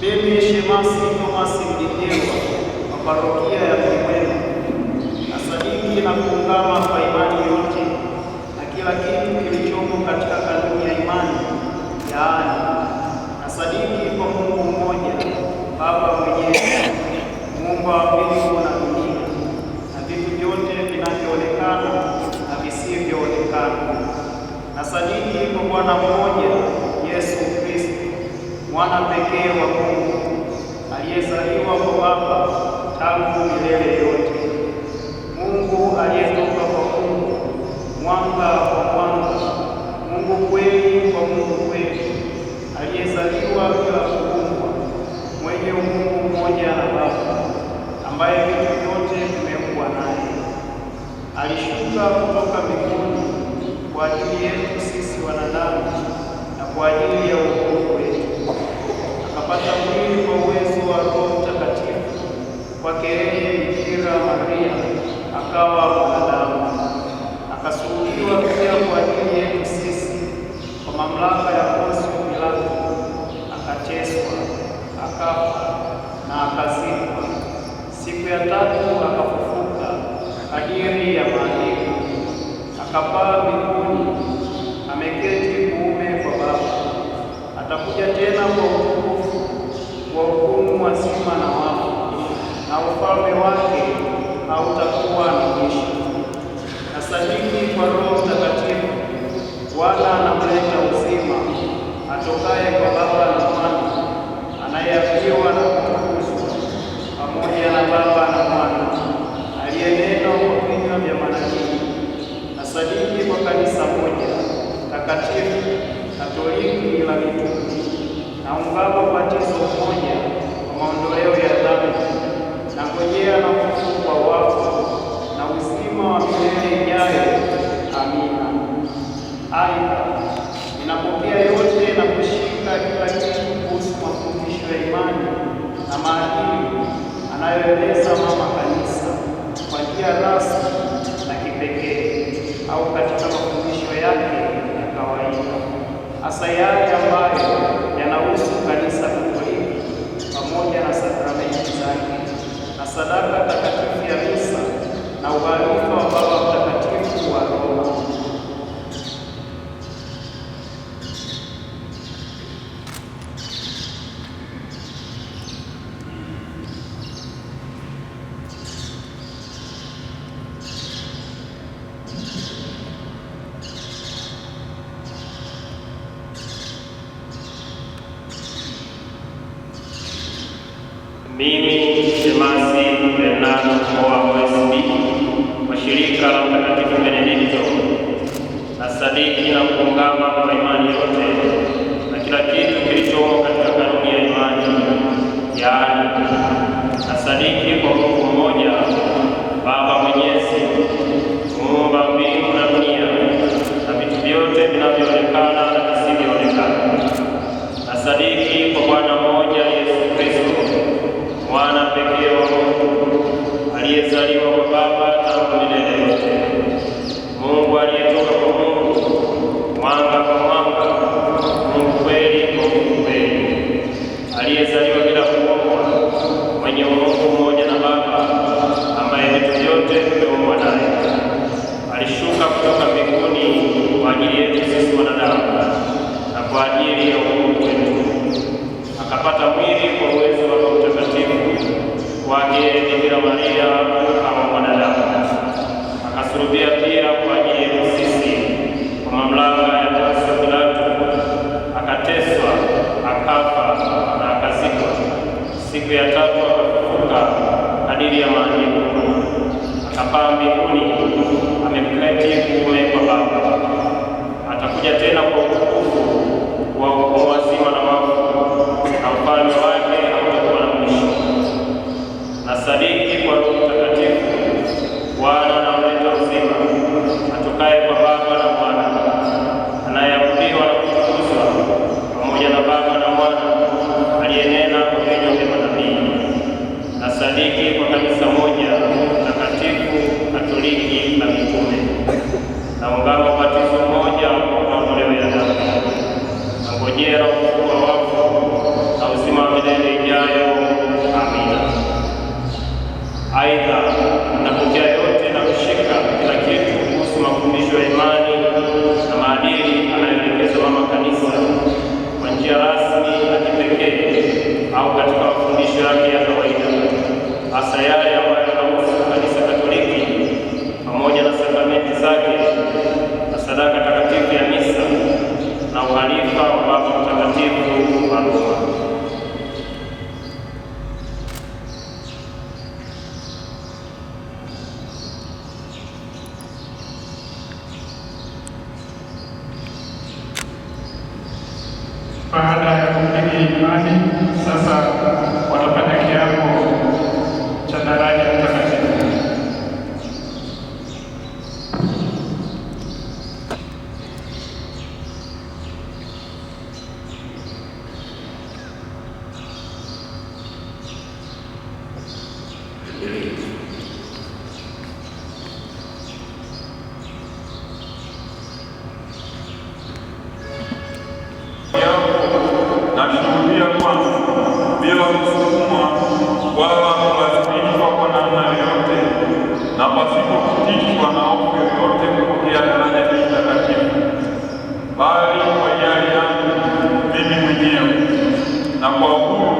Mimi Shemasi Thomas Mjenjewa wa parokia ya Kimwema nasadiki na kuungama kwa imani yote na kila kitu kilichomo katika kanuni ya imani, yaani nasadiki kwa Mungu mmoja Baba mwenyezi, muumba wa mbingu na dunia na vitu vyote vinavyoonekana na visivyoonekana. Nasadiki kwa Bwana mmoja Yesu mwana pekee wa Mungu aliyezaliwa kwa Baba tangu milele yote, Mungu aliyetoka kwa Mungu, mwanga wa mwanga, Mungu kweli kwa Mungu kweli, aliyezaliwa bila kuumbwa, mwenye Mungu mmoja na Baba, ambaye vitu vyote vimeumbwa naye, alishuka kutoka mbinguni kwa ajili yetu sisi wanadamu na kwa ajili ya wokovu wetu akapata mwili kwa uwezo wa Roho Mtakatifu, kwake yeye Bikira Maria akawa mwanadamu, akasulubiwa pia kwa ajili yetu sisi kwa mamlaka ya Poncio Pilato, akateswa, akafa na akazikwa. Siku ya tatu akafufuka kadiri ya Maandiko, akapaa mbinguni, ameketi kuume kwa Baba. Atakuja tena kwa kwa hukumu wa na wafu, na ufalme wake hautakuwa na mwisho. Nasadiki kwa Roho Mtakatifu, Bwana anamleta uzima, atokaye kwa Baba na Mwana, anayeafiwa na kutukuzwa pamoja na Baba na Mwana, aliyenena kwa vinywa vya manabii. Nasadiki kwa kanisa moja takatifu Katoliki la kitukufu na ungama ubatizo mmoja kwa maondoleo ya dhambi, na ngojea na ufufuo wa wafu na uzima wa milele ijayo. Amina. Aidha, ninapokea yote na kushika kila kitu kuhusu mafundisho ya imani na maadili anayoeleza mama kanisa kwa njia rasmi na kipekee au katika mafundisho yake ya kawaida, hasa yale ambayo yanahusu sadaka takatifu ya misa na uharifa wa Kapaa mbinguni amemketi kuume kwa Baba. Atakuja tena kwa utukufu wa wazima na wala kulazimishwa kwa namna yoyote na pasipo kutishwa na hofu yoyote kupokea daraja hili takatifu, bali kwa hiari yangu mimi mwenyewe na kwa uhuru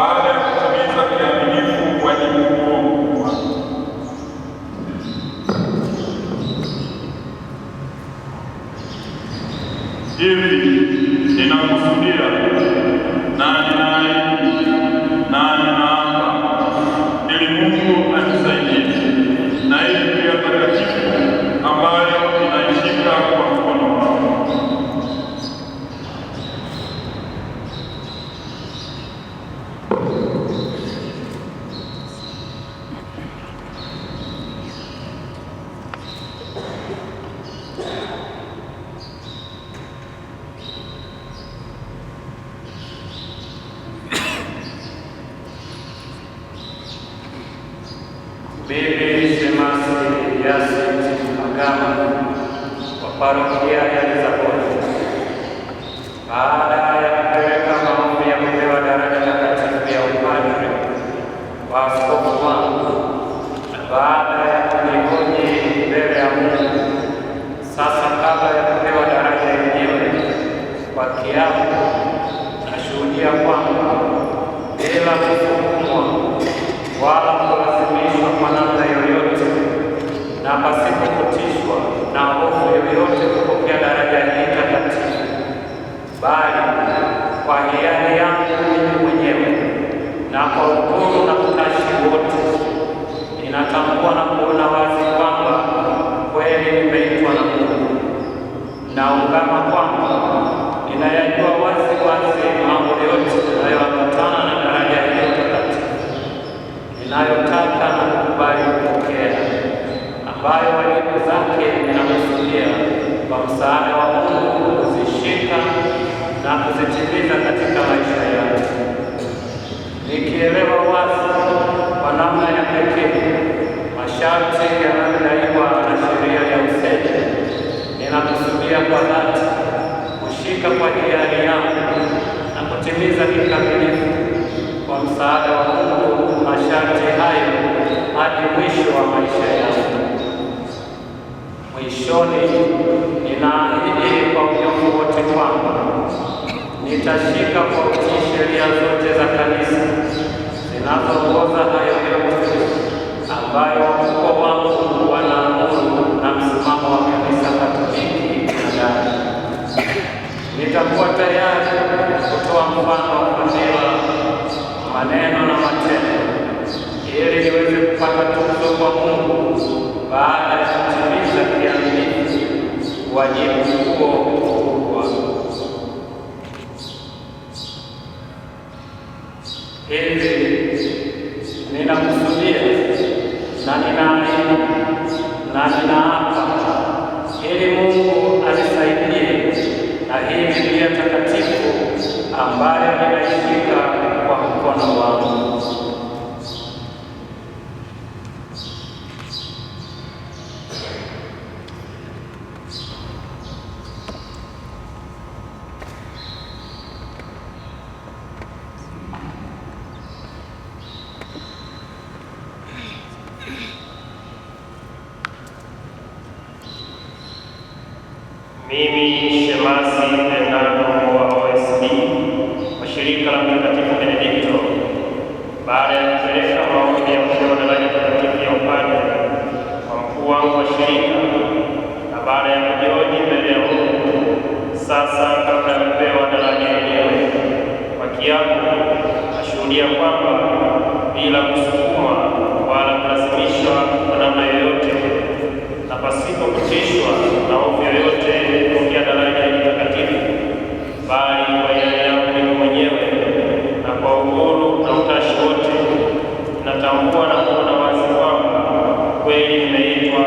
trabalho. parokia ya Lisaboni. Baada ya kupeleka maombi ya kupewa daraja takatifu ya upadre wa askofu wangu, baada ya kunikoji mbele ya Mungu, sasa kabla ya kupewa daraja yenyewe, kwa kiapo nashuhudia kwamba bila kufunga kupokea daraja hii takatifu, bali kwa hiari yangu mimi mwenyewe na kwa ukuru na utashi wote, ninatambua na kuona wazi kwamba kweli nimeitwa na Mungu naungama msaada wa Mungu kuzishika na kuzitimiza katika maisha yao, nikielewa wazi kwa namna ya pekee masharti yanayodaiwa na sheria ya usemi. Ninakusudia kwa dhati kushika kwa hiari yangu na kutimiza kikamilifu kwa msaada wa Mungu masharti hayo hadi mwisho wa maisha yangu mwishoni nitashika kwa kutii sheria zote za kanisa zinazoongoza hayo yote ambayo Mimi Shemasi Bernardo wa OSB wa shirika la Mtakatifu Benedikto, baada ya kupeleka maombi ya kupewa daraja takatifu ya upande kwa mkuu wangu wa shirika na baada ya kujoji mbele ya Mungu, sasa kabla ya kupewa daraja yenyewe, kwa kiapo nashuhudia kwamba bila kusukumwa wala kulazimishwa kwa namna yoyote na pasipo kutishwa na hofu yoyote kuingia daraja hili takatifu, bali kwa yale yangu mimi mwenyewe na kwa uhuru na utashi wote, natambua na kuona wazi kwamba kweli nimeitwa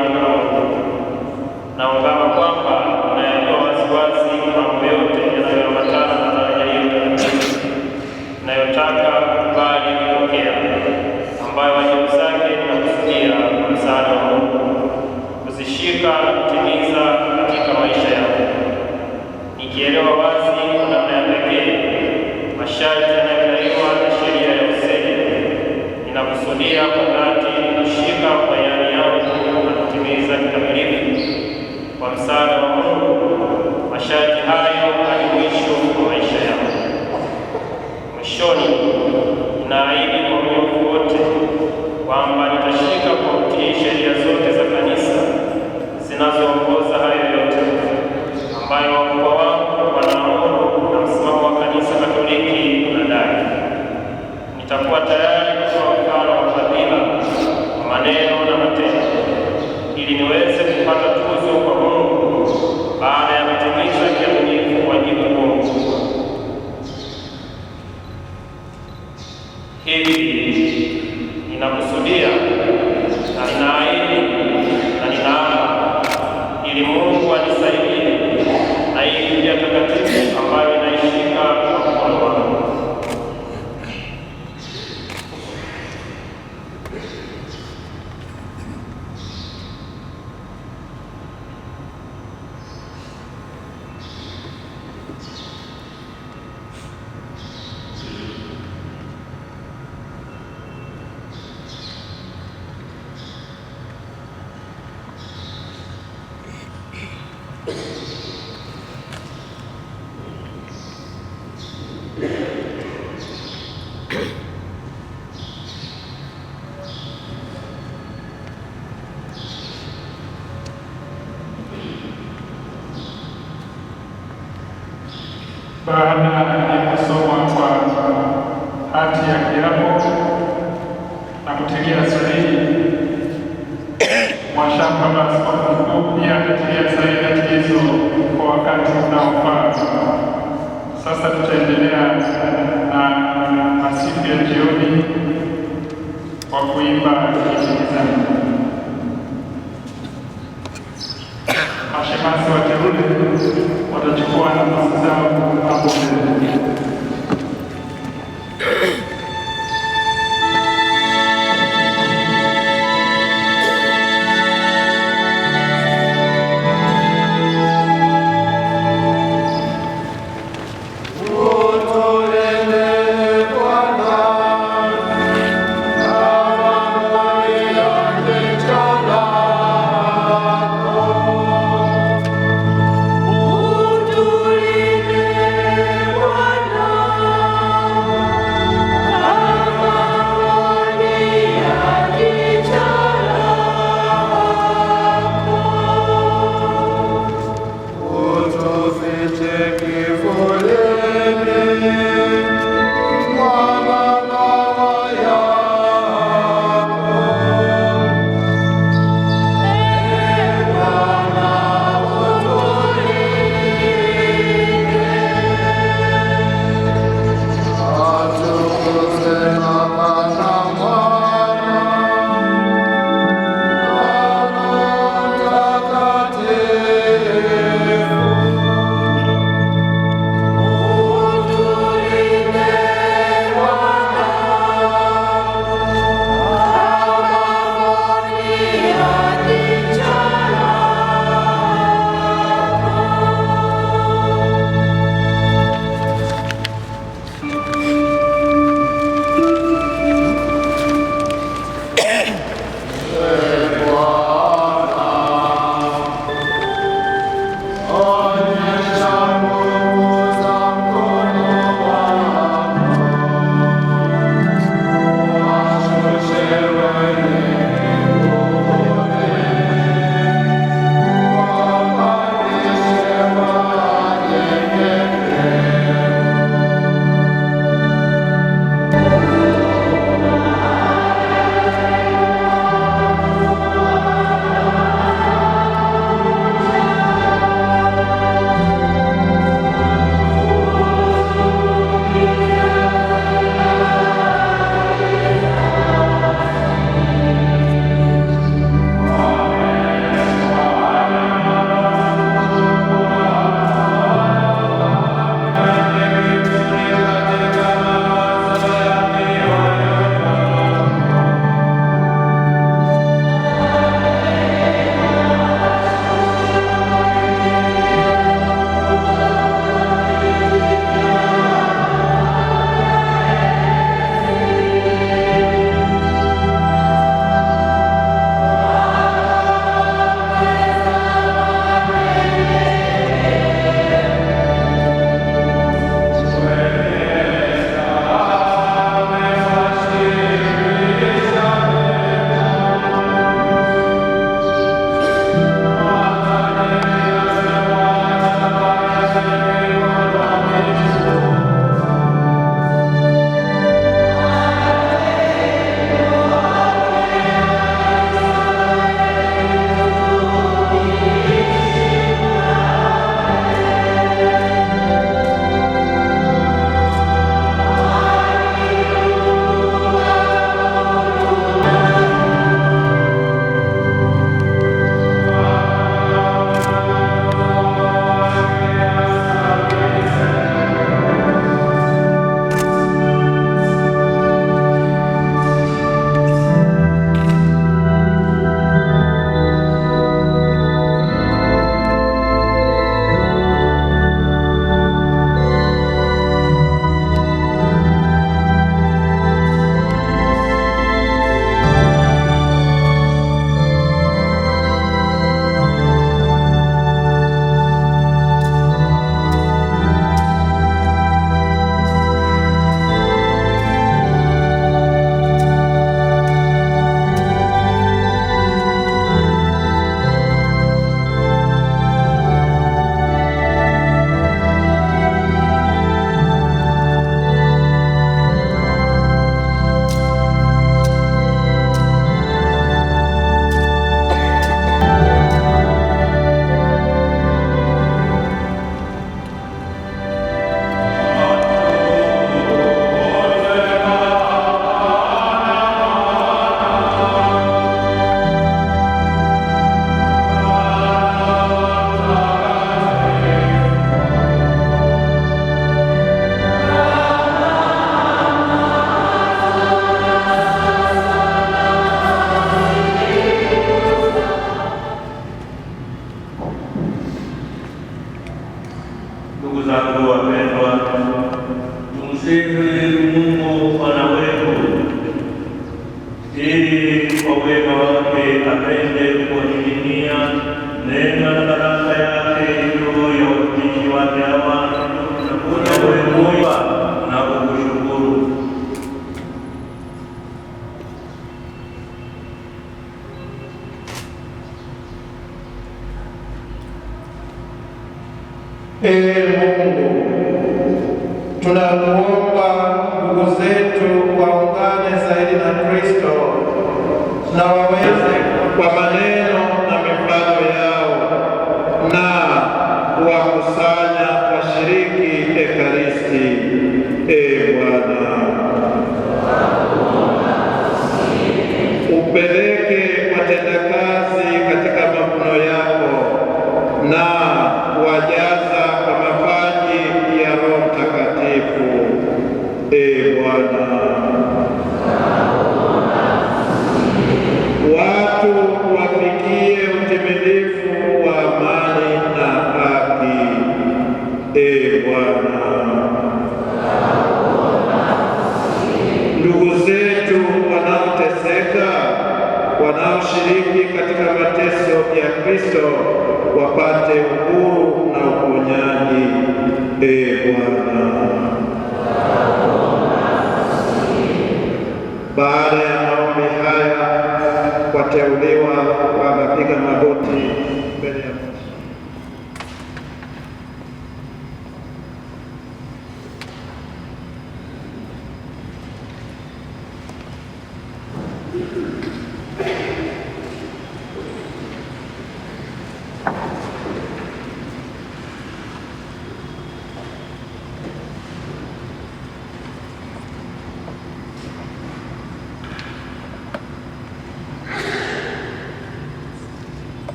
verdadeiro mundo privada. Thank you.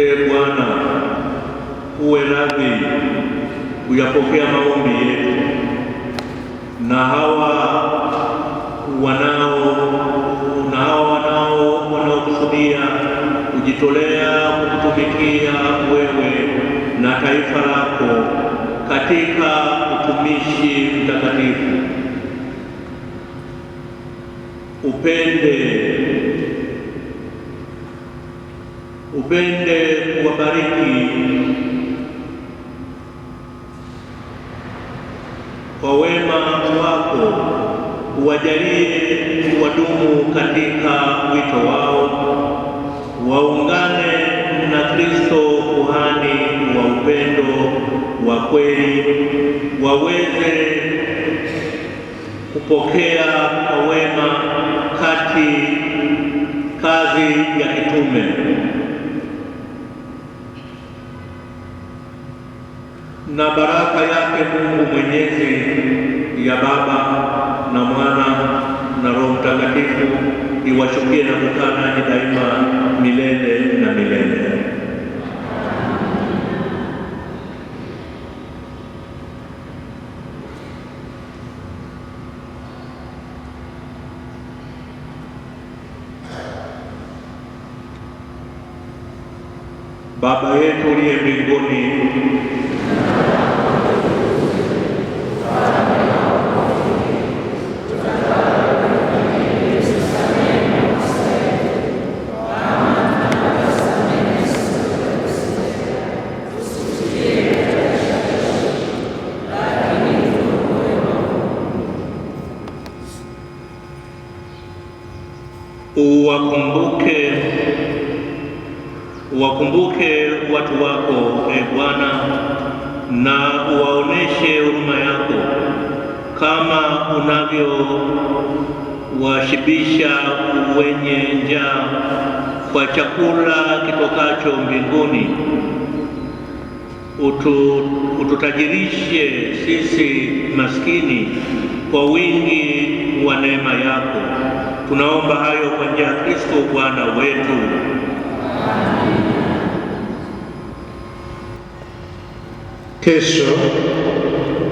Ee Bwana, uwe radhi kuyapokea maombi yetu na hawa wanao na hawa wanao wanaokusudia kujitolea kukutumikia wewe na taifa lako katika utumishi mtakatifu upende upende kuwabariki kwa wema wako, uwajalie wadumu katika wito wao, waungane na Kristo kuhani wa upendo wa kweli, waweze kupokea kwa wema kati kazi ya kitume na baraka yake Mungu Mwenyezi ya Baba na Mwana na Roho Mtakatifu iwashukie na kukaa nanyi daima milele na milele. Baba yetu uliye mbinguni wako e Bwana, na uwaoneshe huruma yako kama unavyowashibisha wenye njaa kwa chakula kitokacho mbinguni. Utu, ututajirishe sisi maskini kwa wingi wa neema yako. Tunaomba hayo kwa njia ya Kristo Bwana wetu. Kesho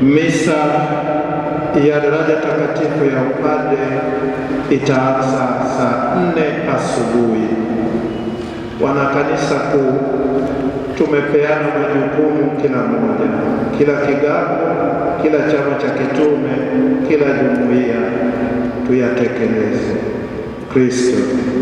misa ya daraja takatifu ya upade itaanza saa nne asubuhi. Wanakanisa kuu tumepeana majukumu kila mmoja, kila kigago, kila chama cha kitume, kila jumuiya, tuyatekeleze Kristo